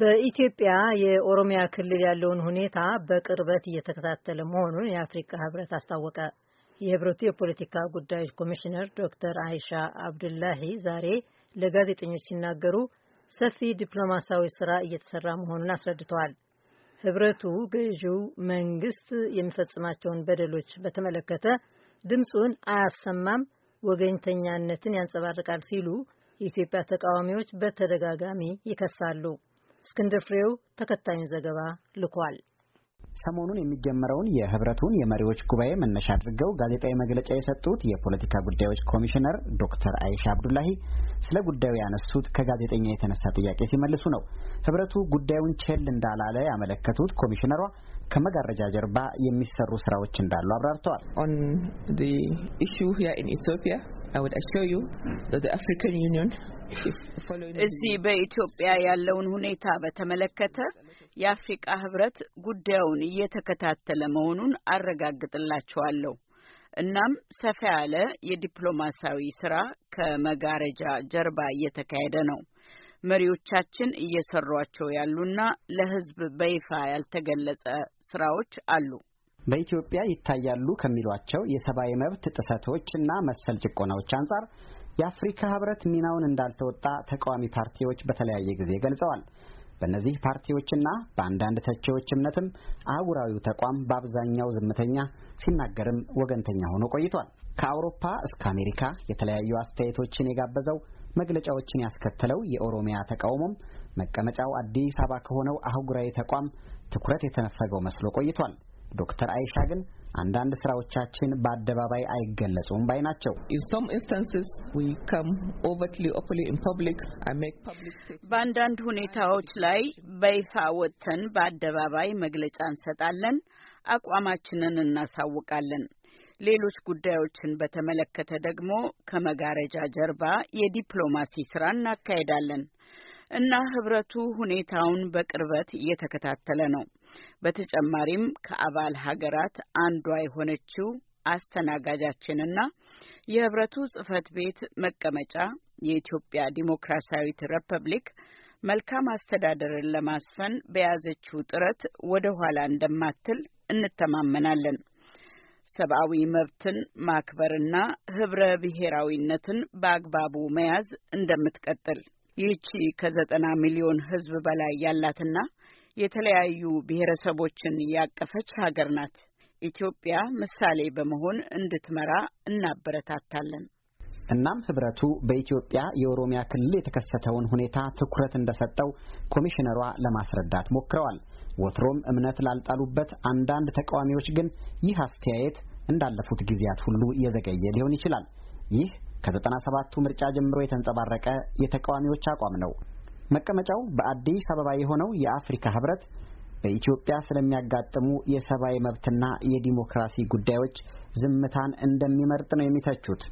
በኢትዮጵያ የኦሮሚያ ክልል ያለውን ሁኔታ በቅርበት እየተከታተለ መሆኑን የአፍሪካ ህብረት አስታወቀ። የህብረቱ የፖለቲካ ጉዳዮች ኮሚሽነር ዶክተር አይሻ አብዱላሂ ዛሬ ለጋዜጠኞች ሲናገሩ ሰፊ ዲፕሎማሲያዊ ስራ እየተሰራ መሆኑን አስረድተዋል። ህብረቱ ገዢው መንግስት የሚፈጽማቸውን በደሎች በተመለከተ ድምፁን አያሰማም፣ ወገኝተኛነትን ያንጸባርቃል ሲሉ የኢትዮጵያ ተቃዋሚዎች በተደጋጋሚ ይከሳሉ። እስክንድር ፍሬው ተከታዩን ዘገባ ልኳል። ሰሞኑን የሚጀመረውን የህብረቱን የመሪዎች ጉባኤ መነሻ አድርገው ጋዜጣዊ መግለጫ የሰጡት የፖለቲካ ጉዳዮች ኮሚሽነር ዶክተር አይሻ አብዱላሂ ስለ ጉዳዩ ያነሱት ከጋዜጠኛ የተነሳ ጥያቄ ሲመልሱ ነው። ህብረቱ ጉዳዩን ቸል እንዳላለ ያመለከቱት ኮሚሽነሯ ከመጋረጃ ጀርባ የሚሰሩ ስራዎች እንዳሉ አብራርተዋል። እዚህ በኢትዮጵያ ያለውን ሁኔታ በተመለከተ የአፍሪቃ ህብረት ጉዳዩን እየተከታተለ መሆኑን አረጋግጥላቸዋለሁ። እናም ሰፋ ያለ የዲፕሎማሲያዊ ስራ ከመጋረጃ ጀርባ እየተካሄደ ነው። መሪዎቻችን እየሰሯቸው ያሉና ለህዝብ በይፋ ያልተገለጸ ስራዎች አሉ። በኢትዮጵያ ይታያሉ ከሚሏቸው የሰብአዊ መብት ጥሰቶችና መሰል ጭቆናዎች አንጻር የአፍሪካ ህብረት ሚናውን እንዳልተወጣ ተቃዋሚ ፓርቲዎች በተለያየ ጊዜ ገልጸዋል። በእነዚህ ፓርቲዎችና በአንዳንድ ተቺዎች እምነትም አህጉራዊው ተቋም በአብዛኛው ዝምተኛ፣ ሲናገርም ወገንተኛ ሆኖ ቆይቷል። ከአውሮፓ እስከ አሜሪካ የተለያዩ አስተያየቶችን የጋበዘው መግለጫዎችን ያስከተለው የኦሮሚያ ተቃውሞም መቀመጫው አዲስ አበባ ከሆነው አህጉራዊ ተቋም ትኩረት የተነፈገው መስሎ ቆይቷል። ዶክተር አይሻ ግን አንዳንድ ስራዎቻችን በአደባባይ አይገለጹም ባይ ናቸው። በአንዳንድ ሁኔታዎች ላይ በይፋ ወጥተን በአደባባይ መግለጫ እንሰጣለን፣ አቋማችንን እናሳውቃለን። ሌሎች ጉዳዮችን በተመለከተ ደግሞ ከመጋረጃ ጀርባ የዲፕሎማሲ ስራ እናካሄዳለን እና ህብረቱ ሁኔታውን በቅርበት እየተከታተለ ነው። በተጨማሪም ከአባል ሀገራት አንዷ የሆነችው አስተናጋጃችንና የህብረቱ ጽህፈት ቤት መቀመጫ የኢትዮጵያ ዲሞክራሲያዊት ሪፐብሊክ መልካም አስተዳደርን ለማስፈን በያዘችው ጥረት ወደ ኋላ እንደማትል እንተማመናለን። ሰብአዊ መብትን ማክበርና ህብረ ብሔራዊነትን በአግባቡ መያዝ እንደምትቀጥል ይህቺ ከዘጠና ሚሊዮን ህዝብ በላይ ያላትና የተለያዩ ብሔረሰቦችን ያቀፈች ሀገር ናት። ኢትዮጵያ ምሳሌ በመሆን እንድትመራ እናበረታታለን። እናም ህብረቱ በኢትዮጵያ የኦሮሚያ ክልል የተከሰተውን ሁኔታ ትኩረት እንደሰጠው ኮሚሽነሯ ለማስረዳት ሞክረዋል። ወትሮም እምነት ላልጣሉበት አንዳንድ ተቃዋሚዎች ግን ይህ አስተያየት እንዳለፉት ጊዜያት ሁሉ እየዘገየ ሊሆን ይችላል። ይህ ከዘጠና ሰባቱ ምርጫ ጀምሮ የተንጸባረቀ የተቃዋሚዎች አቋም ነው። መቀመጫው በአዲስ አበባ የሆነው የአፍሪካ ህብረት በኢትዮጵያ ስለሚያጋጥሙ የሰብአዊ መብትና የዲሞክራሲ ጉዳዮች ዝምታን እንደሚመርጥ ነው የሚተቹት።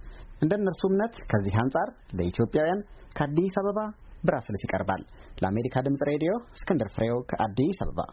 እንደ እነርሱ እምነት ከዚህ አንጻር ለኢትዮጵያውያን ከአዲስ አበባ ብራስልስ ይቀርባል። ለአሜሪካ ድምፅ ሬዲዮ እስክንድር ፍሬው ከአዲስ አበባ